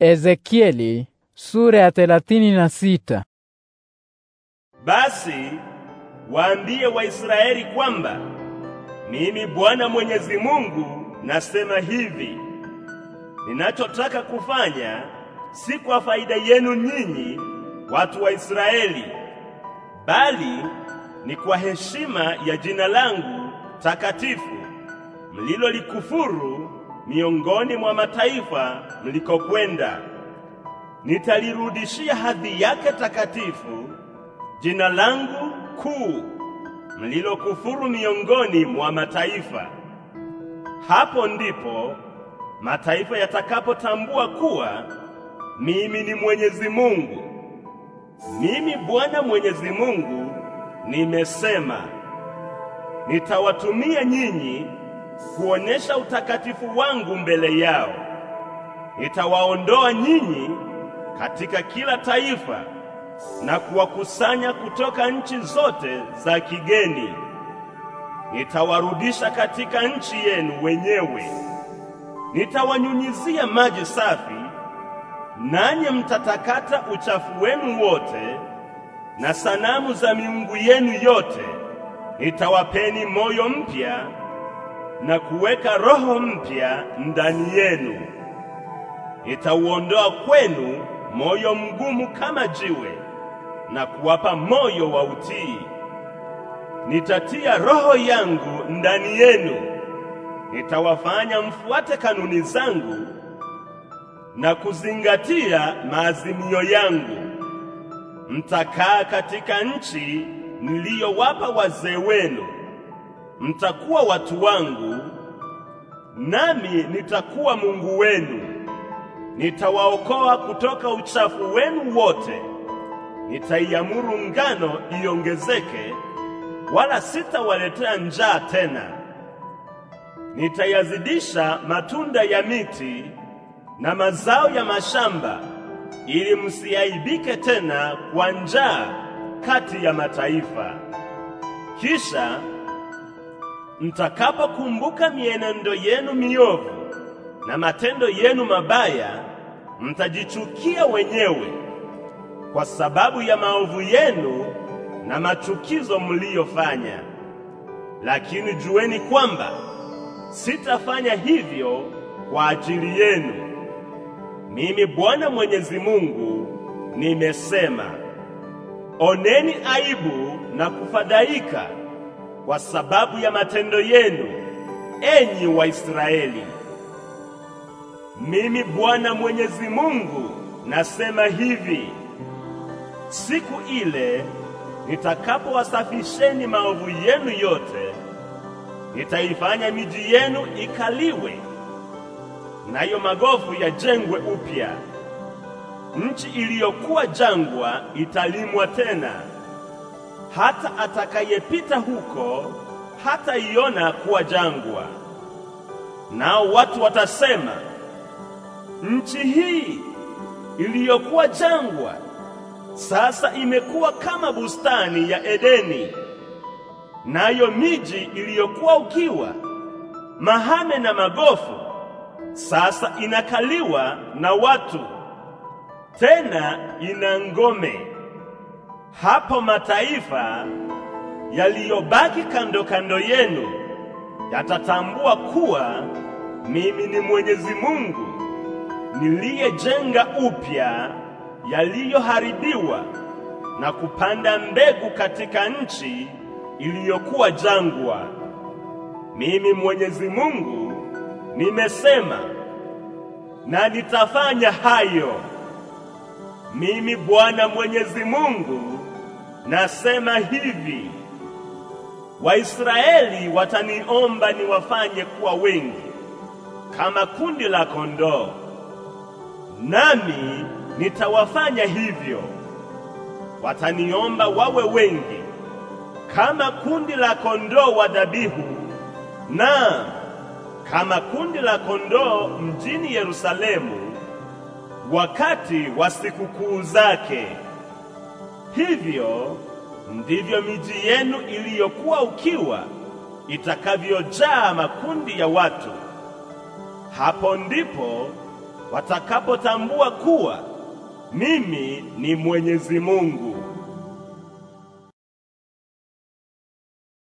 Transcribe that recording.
Ezekieli sura ya 36. Basi waambie Waisraeli kwamba mimi Bwana Mwenyezi Mungu nasema hivi: ninachotaka kufanya si kwa faida yenu nyinyi watu wa Israeli, bali ni kwa heshima ya jina langu takatifu mlilolikufuru miongoni mwa mataifa mlikokwenda. Nitalirudishia hadhi yake takatifu jina langu kuu mlilokufuru miongoni mwa mataifa. Hapo ndipo mataifa yatakapotambua kuwa mimi ni Mwenyezi Mungu. Mimi Bwana Mwenyezi Mungu nimesema. Nitawatumia nyinyi kuonyesha utakatifu wangu mbele yao. Nitawaondoa nyinyi katika kila taifa na kuwakusanya kutoka nchi zote za kigeni. Nitawarudisha katika nchi yenu wenyewe. Nitawanyunyizia maji safi, nanyi mtatakata uchafu wenu wote na sanamu za miungu yenu yote. Nitawapeni moyo mpya na kuweka roho mpya ndani yenu. Itauondoa kwenu moyo mgumu kama jiwe na kuwapa moyo wa utii. Nitatia roho yangu ndani yenu, nitawafanya mfuate kanuni zangu na kuzingatia maazimio yangu. Mtakaa katika nchi niliyowapa wazee wenu mtakuwa watu wangu, nami nitakuwa Mungu wenu. Nitawaokoa kutoka uchafu wenu wote. Nitaiamuru ngano iongezeke, wala sitawaletea njaa tena. Nitayazidisha matunda ya miti na mazao ya mashamba, ili msiaibike tena kwa njaa kati ya mataifa. Kisha mtakapokumbuka mienendo yenu miovu na matendo yenu mabaya, mtajichukia wenyewe kwa sababu ya maovu yenu na machukizo mliyofanya. Lakini jueni kwamba sitafanya hivyo kwa ajili yenu. Mimi Bwana Mwenyezi Mungu nimesema. Oneni aibu na kufadhaika kwa sababu ya matendo yenu, enyi Waisraeli. Mimi Bwana Mwenyezi Mungu nasema hivi: siku ile nitakapowasafisheni maovu yenu yote, nitaifanya miji yenu ikaliwe, nayo magofu yajengwe upya. Nchi iliyokuwa jangwa italimwa tena hata atakayepita huko hataiona kuwa jangwa. Nao watu watasema, nchi hii iliyokuwa jangwa sasa imekuwa kama bustani ya Edeni, nayo miji iliyokuwa ukiwa, mahame na magofu sasa inakaliwa na watu, tena ina ngome. Hapo mataifa yaliyobaki kando kando yenu yatatambua kuwa mimi ni Mwenyezi Mungu niliyejenga upya yaliyoharibiwa na kupanda mbegu katika nchi iliyokuwa jangwa. Mimi Mwenyezi Mungu nimesema na nitafanya hayo. Mimi Bwana Mwenyezi Mungu Nasema hivi, Waisraeli wataniomba niwafanye kuwa wengi kama kundi la kondoo, nami nitawafanya hivyo. Wataniomba wawe wengi kama kundi la kondoo wa dhabihu, na kama kundi la kondoo mjini Yerusalemu wakati wa sikukuu zake. Hivyo ndivyo miji yenu iliyokuwa ukiwa itakavyojaa makundi ya watu. Hapo ndipo watakapotambua kuwa mimi ni Mwenyezi Mungu.